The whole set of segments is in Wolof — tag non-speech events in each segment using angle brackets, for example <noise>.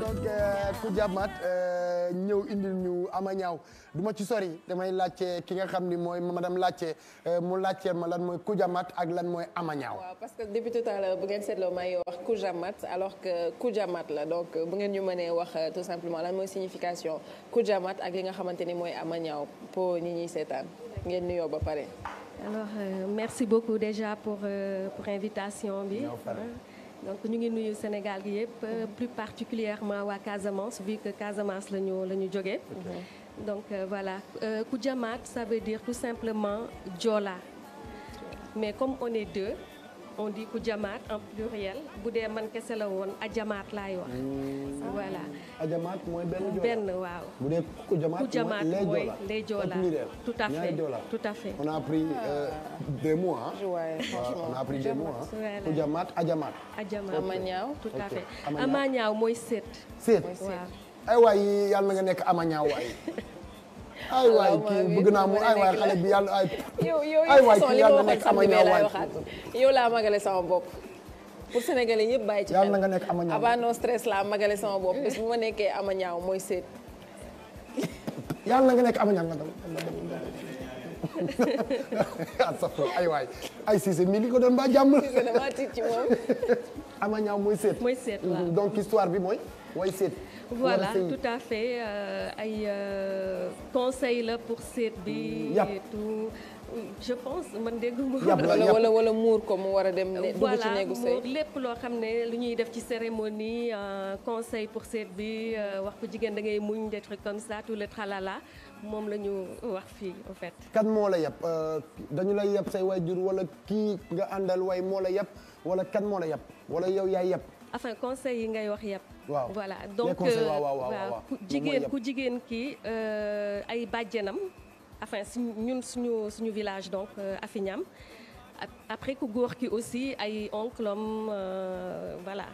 donc euh, Koudia Mat euh, ñëw indil ñu ama ñaaw du ma ci sori damay laajte ki nga xam ni mooy madame laajte euh, mu laajte ma lan mooy Koudia Mat ak lan mooy ama ñaaw. waaw parce que depuis tout bu ngeen seetloo maa ngi wax Koudia Mat alors que Koudia Mat la donc bu ngeen ñu mënee wax tout simplement lan mooy signification Koudia Mat ak li nga xamante ni mooy ama ñaaw pour ñi ñuy seetaan ngeen nuyoo ba pare. merci beaucoup déjà pour euh, invitation bi. donc ñu ngi nuyu Sénégal gi yëpp euh, plus particulièrement waa Casamance vu que Casamance la ñu la ñu jógee donc euh, voilà euh, Koudiamat ça veut dire tout simplement Joola mais comme on est deux on dit ku jamaat en pluriel bu dee man kese la woon a jamaat laay wax. Hmm. voilà a jamaat mooy benn joola waaw. bu dee ku jamaat mooy les joola tout à fait tout à on a pris deux mois a ku jamaat a jamaat. a jamaat amañaaw tout à mooy seet. seet ay waay yàlla nga nekk amañaaw waay. <laughs> ay waay oh, kii bëgg naa mu ay waay xale bi yàlla ay. yow yow yow nekk sama yow laa magale sama bopp. pour sénégalais yëpp bàyyi ci xel. yàlla na nga nekk ama ñaaw avant non stress sa magale sama bopp m que bu ma nekkee ama ñaaw mooy seet. yàlla na nga nekk ama ñaaw nga dem. ay waay ay Cissé mi li ko doon ba jàmm. Cissé damaa tiit ci moom. <laughs> ama ñaaw mooy seet. mooy seet waaw mhm. donc histoire bi mooy way seet. voilà tout à fait euh, ay euh, conseil la pour seet bi. et tout je pense man dégg nga. wala wala muur ko mu war dem. dugg lépp loo xam ne lu ñuy def ci cérémonie euh, conseil pour seet bi wax ko jigéen da ngay muñ des trucs comme ça le tralala moom la ñu wax fii en fait. kan moo la yab dañu lay yab say waajur wala kii nga àndal way moo la yab. wala kan moo la yab wala yow yaay yab. enfin conseil yi ngay wax yab. waaw voilà donc euh, ku jigéen ku jigéen kii euh, ay bàjjenam. enfin ñun suñu suñu village donc euh, Afiñam après ku góor ki aussi ay oncle am voilà.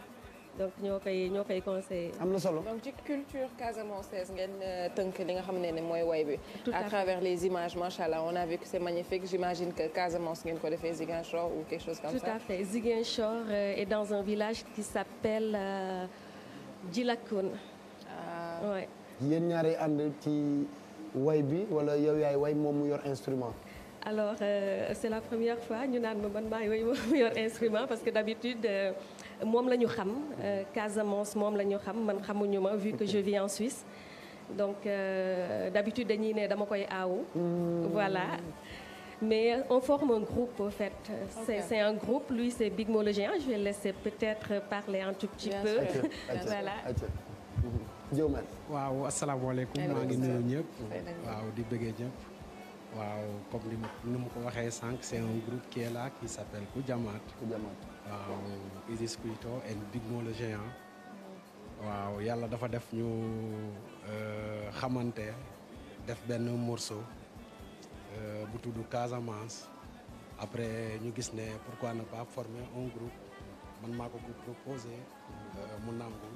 donc ñoo koy ñoo koy conseillé. am na solo donc culture casamançaise ngeen euh, tënk li nga xam ne ne mooy way bi. à travers les images macha allah on a vu que c' est magnifique j' ou tout ça. tout à Ziguinchor euh, est dans un village qui s' appelle euh, Djilakoun. ah oui. yéen ñaari way bi wala yow yaay way moom mu yor instrument. alors euh, la première fois ñu naan ma man way moom mu instrument parce que d' moom la ñu xam euh, Casamance moom la ñu xam man xamuñu ma vu que je vis en Suisse donc euh, d'habitude dañuy ne dama koy aawu. Hmm. voilà mais euh, on forme un groupe en fait. c'est okay. c'est un groupe lui c'est Big Mo le géant je vais laisser peut-être parler un tout petit Bien peu. <laughs> voilà. Diomane. waaw asalaamaaleykum maa ngi nuyu ñëpp. waaw di bëggee ñëpp. waaw comme li ma nu mu ko waxee sànq c' est un groupe qui ku là qui s' appelle Kujamaat. Kujamaat waaw Isis Kuito et Bigmo le géant. waaw yàlla dafa def ñu euh, xamante def benn morceau euh, bu tudd Casamance après ñu gis ne pourquoi ne pas former un groupe man maa ko ko proposé euh, mu nangu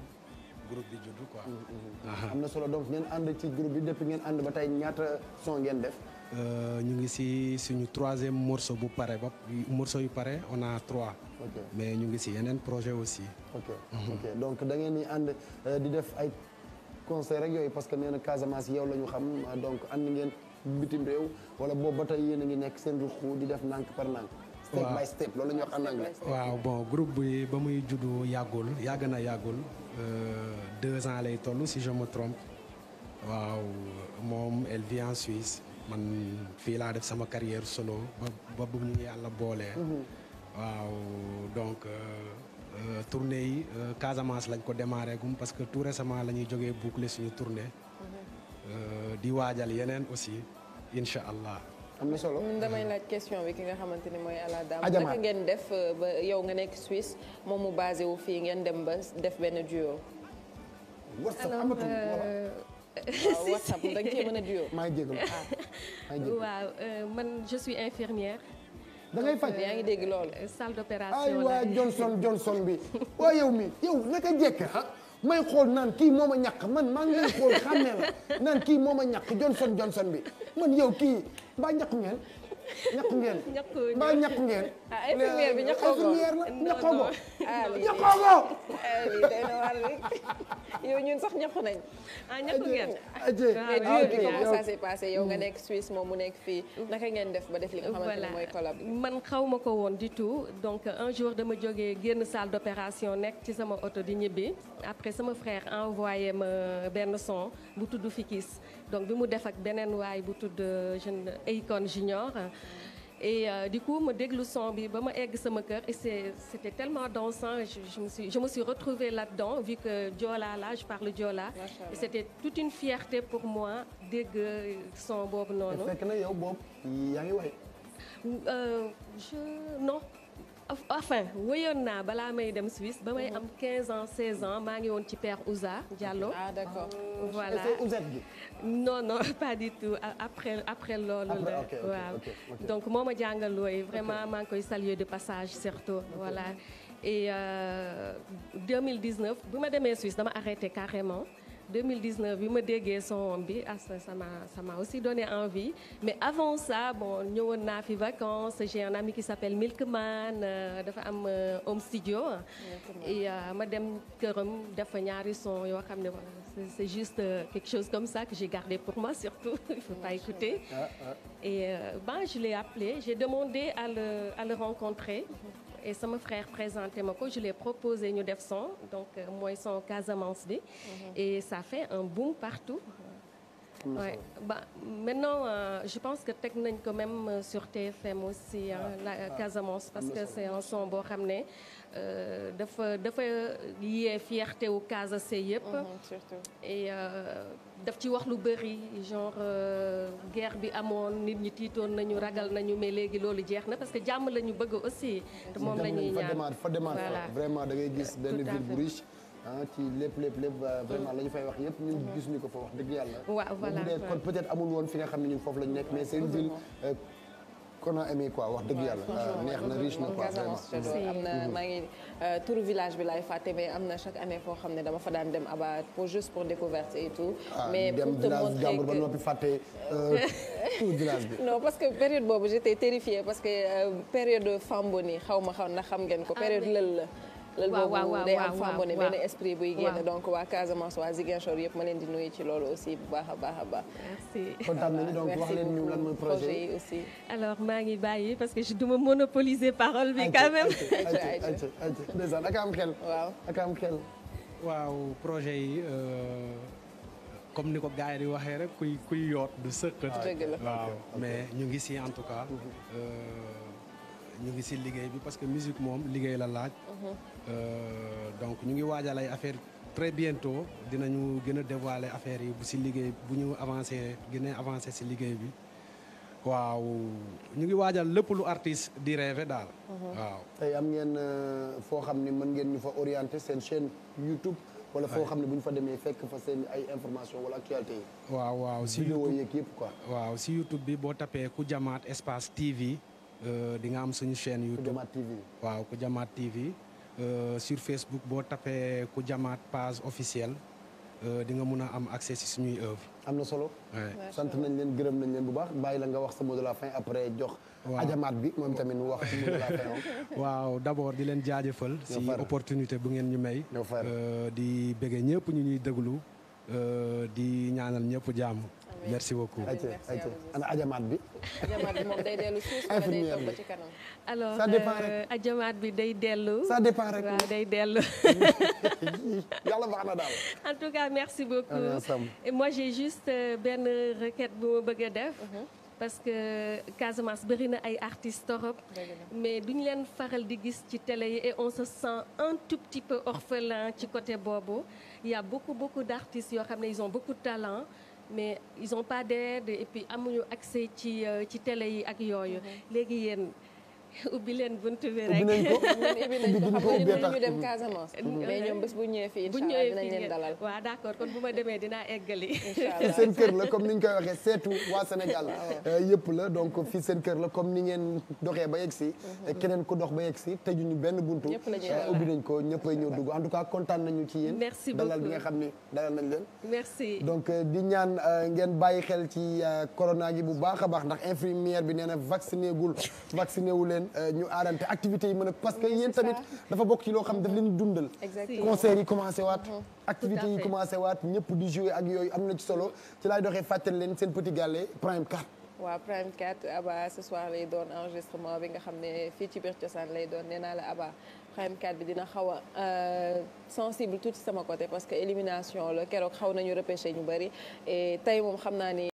groupe bi judd quoi. Mm-hmm. am na solo donc ngeen ànd ci groupe bi depuis ngeen ànd ba tey ñaata son ngeen def. Euh, ñu ngi si suñu troisième morceau bu pare ba morceau yu pare on trois. mais ñu ngi si yeneen projet aussi. ok mhm. ok donc da ngeen di ànd euh, di def ay concert rek yooyu parce que nee na Casamance yow la ñu xam donc ànd ngeen bitim réew wala boobu ba tey yéen a ngi nekk seen di def nànk par nànk. step by step loolu wax en anglais. waaw bon groupe bi ba muy juddu yàggul yàgg na yàggul euh, deux ans lay toll si je me trompe waaw moom elle Suisse. man fii laa def sama carrière solo ba ba ñu yàlla boolee. Mhm. waaw donc euh, euh, tournée yi euh, Casamance lañ ko démarré gum parce que tout récemment la ñuy jógee boucler suñu tournée. Mhm. di waajal yeneen aussi incha allah. am na solo damay laaj question bi ki nga xamante ni mooy ala daam naka ngeen def ba yow nga nekk Suisse moom mu basé wu fii ngeen dem ba def benn duo. WhatsApp <laughs> ah, nga cee mën a duo. <laughs> waaw euh, man je suis infirmière. da ngay faj euh, yaa ngi dégg loolu. Euh, salle d'opération ay waa Johnson <laughs> Johnson bi waa yow mi yow naka jekk ah may xool naan kii moom a ñaq man maa ngi lay xool xàmmee naan kii moom a ñàkk Johnson Johnson bi man yow kii mbaa ñàkk ngeen. ñàkk ngeen. <laughs> ñàkkul ngeen mbaa ñàkk ngeen. <laughs> ah infirmière bi ñàkkoo ko infirmière la ñàkkoo ah, <laughs> ko. ah lii day na war li yow ñun sax ñàkku nañ ah, ah, yow nga mm. nekk Suisse moom mu nekk fii naka ngeen def ba def li nga man xaw ma ko woon di tout donc un jour dama jóge génn salle d'opération nekk ci sama oto di ñibbi après sama frère envoyé ma benn son bu tudd Fikis donc bi mu def ak beneen waay bu tudd euh, jeune Akon Junior et euh, du coup ma déglu son bi ba ma egg sama kër et c'est c'était tellement dansant je, je me suis je me suis retrouvée là-dedans vu que Joola là je parle Joola et c'était toute une fierté pour moi dégg euh, son boobu noonu. fekk na yow boobu yaa ngi way. Euh, je non. enfin wëyoon naa balaa may dem Suisse ba may am 15 mhm. ans 16 maa ngi woon ci père Ouza Diallo. ah d'accord voilà non non <laughs> pas du tout après loolu la waaw donc moo ma jàngal looy vraiment maa ngi koy saluer de passage surtout voilà et 2019 euh, bu ma demee Suisse dama arrêté carrément. 2019 bi ma déggee son bi as ah, ça m'a ça m'a aussi donné envie mais avant ça bon ñëwoon naa fi vacances j'ai un ami qui s'appelle Milkman euh, dafa am euh, home studio et euh, ma dem këram dafa ñaari son yoo xam ne c'est juste quelque chose comme ça que j'ai gardé pour moi <laughs> surtout il faut pas écouter ah, ah. et ben je l'ai appelé j'ai demandé à le rencontrer mhm. et sama frère présenté ma ko je l'ai proposé ñu def son donc euh, mooy son Casamance bi. Mhm. et ça fait un boom partout. Ouais. Bah, maintenant, euh, je pense que teg nañ ko même euh, sur TFM aussi la ah, Casamance parce que c'est un son boo xam ne euh, dafa dafa yee fierté wu Casase yëpp. Mhm, surtout daf ci wax lu bëri genre guerre bi amoon nit ñi tiitoon nañu ragal nañu mais léegi loolu jeex na parce que jàmm la ñu bëgg aussi. te moom la ñuy ñaan voilà vraiment da gis benn ville bu riche. Ah, ci lépp lépp lépp euh, vraiment la ñu fay wax yëpp ñun gis ñu ko fa wax dëgg yàlla waaw voilà kon peut-être amul woon fi nga xam ne ñun foofu lañu nekk mais c'est une ville euh, qu'on a aimé quoi wax dëgg yàlla euh, neex na riche na quoi vraiment am na mm-hmm. maa ngi turu village bi laay fàtte mais am na chaque année foo xam ne dama fa daan dem abat pour juste pour découverte et tout ah, mais pour te montrer que ba noppi fàtte <laughs> tout village bi non parce que période boobu j'étais terrifiée parce que période Famboni xaw ma xaw na xam ngeen ko ah, période lël la lël boobu day am femme bu ne benn esprit buy génn donc waa Casamance waa Ziguinchor yëpp ma leen di nuyu ci loolu aussi bu baax a baax a baax merci kontaan nañu donc wax leen ñu lan mooy projet yi aussi alors maa ngi bàyyi parce que du ma monopoliser parole bi quand même ndeysaan ak am xel waaw ak am xel waaw projet yi euh, comme ni ko gars yi di waxee rek kuy kuy yoot du sëqat waaw mais ñu ngi si en tout cas mm-hmm. euh, ñu ngi si liggéey bi parce que musique moom liggéey la laaj. Uh-huh. Euh, donc ñu ngi waajal ay affaire très bientôt dinañu gën a dévoiler affaire yi bu si liggéey bu ñu avancé gën a si liggéey bi waaw ñu ngi waajal lépp lu artiste di rêver daal. Uh-huh. waaw tey am ngeen euh, foo xam ne mën ngeen ñu fa orienté seen chaîne YouTube. wala foo xam ne bu ñu fa demee fekk fa seen ay information wala actualité yi. waaw si YouTube vidéo yeeg yëpp quoi. waaw si YouTube bi boo tapee ku jamaat espace TV. Euh, di nga am suñu chaîne YouTube waaw TV waaw Kujamat TV euh, sur Facebook boo tappee tapee Kujamat page officielle euh, di nga mun a am accès si suñuy œuvre am na solo sant nañ leen gërëm nañ leen bu baax bàyyi la nga wax sa mot de la fin après jox ajamaat bi moom tamit mu wax mot de la fin <laughs> waaw d'abord di leen jaajëfal si opportunité bu ngeen ñu may di bëggee ñëpp ñu ñuy déglu di ñaanal ñëpp jàmm merci beaucoup ayca ayca ana ajamaat bi. ajamaat bi day dellu suuf wala ci kanam. alors ça dépend euh, bi day dellu. ça dépend rek waaw day dellu. <laughs> yàlla baax na daal. en tout cas merci beaucoup. et moi j'ai juste euh, benn requête bu ma bëgg def. Mhm. parce que Casamance bëri na ay artistes torop mais duñu leen faral di gis ci télé yi et on se sent un tout petit peu orphelin ci côté boobu. yaa y a beaucoup beaucoup yoo xam ne ils ont beaucoup de talent. mais ils ont pas d'aide et puis amuñu accès ci euh, ci télé yi ak yooyu mm-hmm. léegi yéen <laughs> ubbi leen buntu bi rek. <laughs> ubbi nañ ko xam nga ñu dem Casamance. mais ñoom bés bu ñëwee fii incha allah dinañ dalal. waaw <laughs> seen kër la comme ni ñu koy waxee seetu waa Sénégal. Ah euh, yëpp la donc fii seen kër la comme ni ngeen doxee ba yegg si. Mm-hmm. keneen ku dox ba yegg si ñu benn buntu. Euh, ubbi nañ ko ñëppay ñëw dugg en tout cas kontaan nañu ci yéen. merci beaucoup dalal bi nga xam ni dalal nañ leen. merci donc euh, di ñaan ngeen bàyyi xel ci corona gi bu baax a baax ndax infirmière bi nee na vacciné gul vacciné wu leen dem euh, ñu aarante activités yi mën parce que yéen tamit dafa bokk ci loo xam daf leen dundal concert yi commencé waat mhm. activités yi commencé waat ñëpp di jouer ak yooyu am na ci solo ci laay doxee fàttali leen seen petit gallé prime 4 waaw prime 4 aba ce soir lay doon enregistrement bi nga xam ne fii ci biir cosaan lay doon nee naa la aba prime 4 bi dina xaw a euh, sensible tuuti sama côté parce que élimination la keroog xaw nañu repêché ñu bëri et tey moom xam naa ni